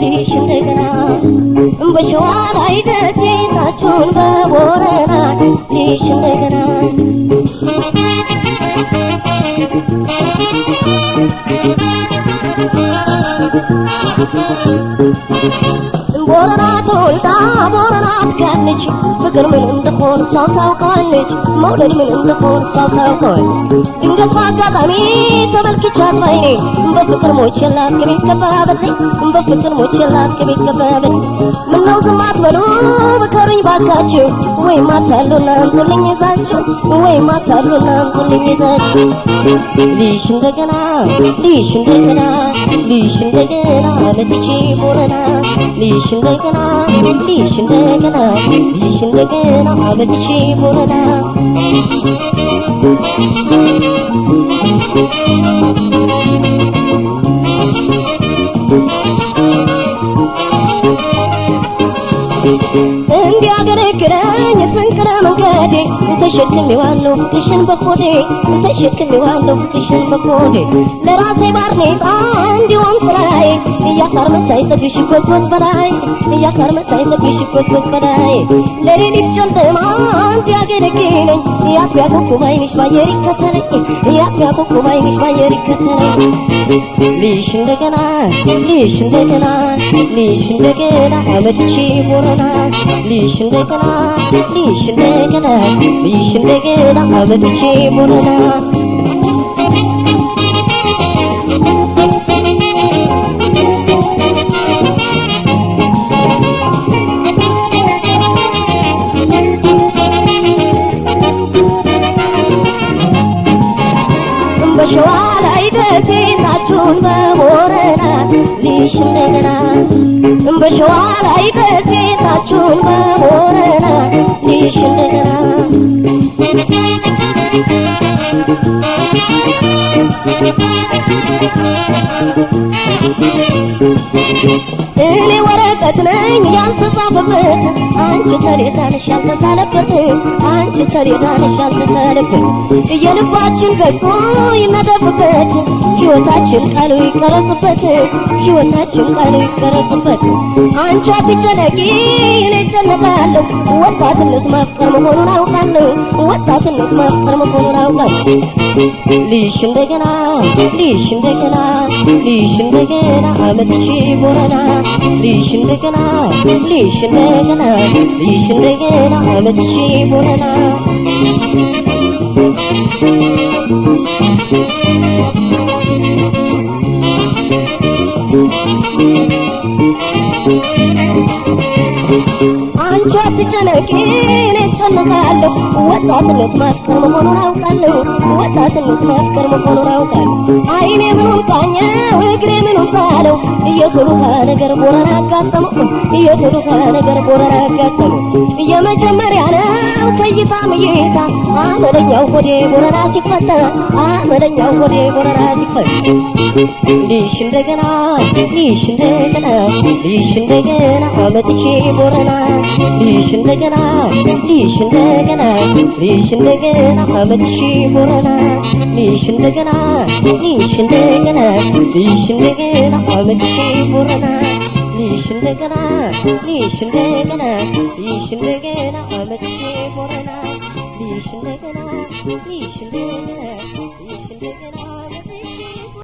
ልሽ እንደገና በሸዋ ላይ ደሴታችሁን በቦረና ልሽ እንደገና ወረራት ወልዳ ወረራት ካለች ፍቅር ምን እንደሆነ እሷው ታውቀዋለች። መውለድ ምን እንደሆነ እሷው ታውቀዋለች። ድንገት በአጋጣሚ ተመልክቻት ባይኔ በፍቅር ሞቼላት ከቤት ገባህ በፍቅር ሞቼላት ከቤት ገባህ ምነው ዝም አትበሉ ምከሩኝ ባካችሁ ወይም አታሉና አምጡልኝ ይዛችሁ ወይም አታሉና አምጡልኝ ይዛችሁ ልሽ እንደገና ልሽ እንደገና ልሽ እንደገና ለትቼ boğulana Nişinde gana, nişinde gana Nişinde gana abet işi boğulana እንዲያገለግለኝ ፍንቅለ ሞገዴ ተሸክሜዋለሁ ክሽን በሆዴ ተሸክሜዋለሁ ክሽን በሆዴ ለራሴ ባርኔጣ እንዲሆን ስራዬ እያካር መሳይ ፀጉርሽ ጎዝጎዝ በላይ እያካር መሳይ ፀጉርሽ ጎዝጎዝ በላይ ለሌሊት ጨለማ እንዲያገለግለኝ ያትቢያ ኮኮብ ዓይንሽ ባየር ይከተለኝ ያትቢያ ኮኮብ ዓይንሽ ባየር ይከተለኝ ልሽ እንደገና ልሽ እንደገና ልሽ እንደገና አመትቼ ቦረና ልሽ እንደገና ልሽ እንደገና ልሽ እንደገና አመትቼ ቦረና ቱም በቦረና ልሽ እንደገና በሸዋ ላይ ደሴታችሁም በቦረና ልሽ እንደገና Thank እኔ ወረቀት ነኝ ያልተጻፈበት፣ አንቺ ሰሌዳ ነሽ ያልተሳለበት፣ አንቺ ሰሌዳ ነሽ ያልተሳለበት። የልባችን ገጹ ይነደፍበት፣ ሕይወታችን ቃሉ ይቀረጽበት፣ ሕይወታችን ቃሉ ይቀረጽበት። አንቺ አትጨነቂ እኔ እጨነቃለሁ፣ ወጣትነት ማፍቀር መሆኑን አውቃለሁ፣ ወጣትነት ማፍቀር መሆኑን አውቃለሁ። ልይሽ እንደገና ልይሽ እንደገና ልይሽ እንደገና መጥቼ ቦረና ልይሽ እንደገና ልይሽ እንደገና ልይሽ እንደገና መጥቼ ቦረና Thank you. አንቺ አትጨነቂ፣ እኔ እጨነቃለሁ። ወጣትነት ማፍቀር መሆኑን አውቃለሁ። ወጣትነት ማፍቀር መሆኑን አውቃለሁ። አይኔ ምኑን ቃኘው፣ እግሬ ምኑን ጣለው። እየሁሉህ ነገር ጎረር አጋጠመ፣ እየሁሉህ ነገር ጎረር አጋጠመ። የመጀመሪያ ነው ከይታም እይታ አመለኛው ሆዴ ጎረራ ሲፈታ፣ አመለኛው ሆዴ ጎረራ ሲፈታ ልሽ እንደገና ልሽ እንደገና ልሽ እንደገና አመጥቼ ኮረና ልሽ እንደገና ልሽ እንደገና ልሽ እንደገና አመትሽ ኮረና ልሽ እንደገና ልሽ እንደገና ልሽ እንደገና አመትሽ ኮረና ልሽ እንደገና ልሽ እንደገና ልሽ እንደገና አመትሽ ኮረና ልሽ እንደገና ልሽ እንደገና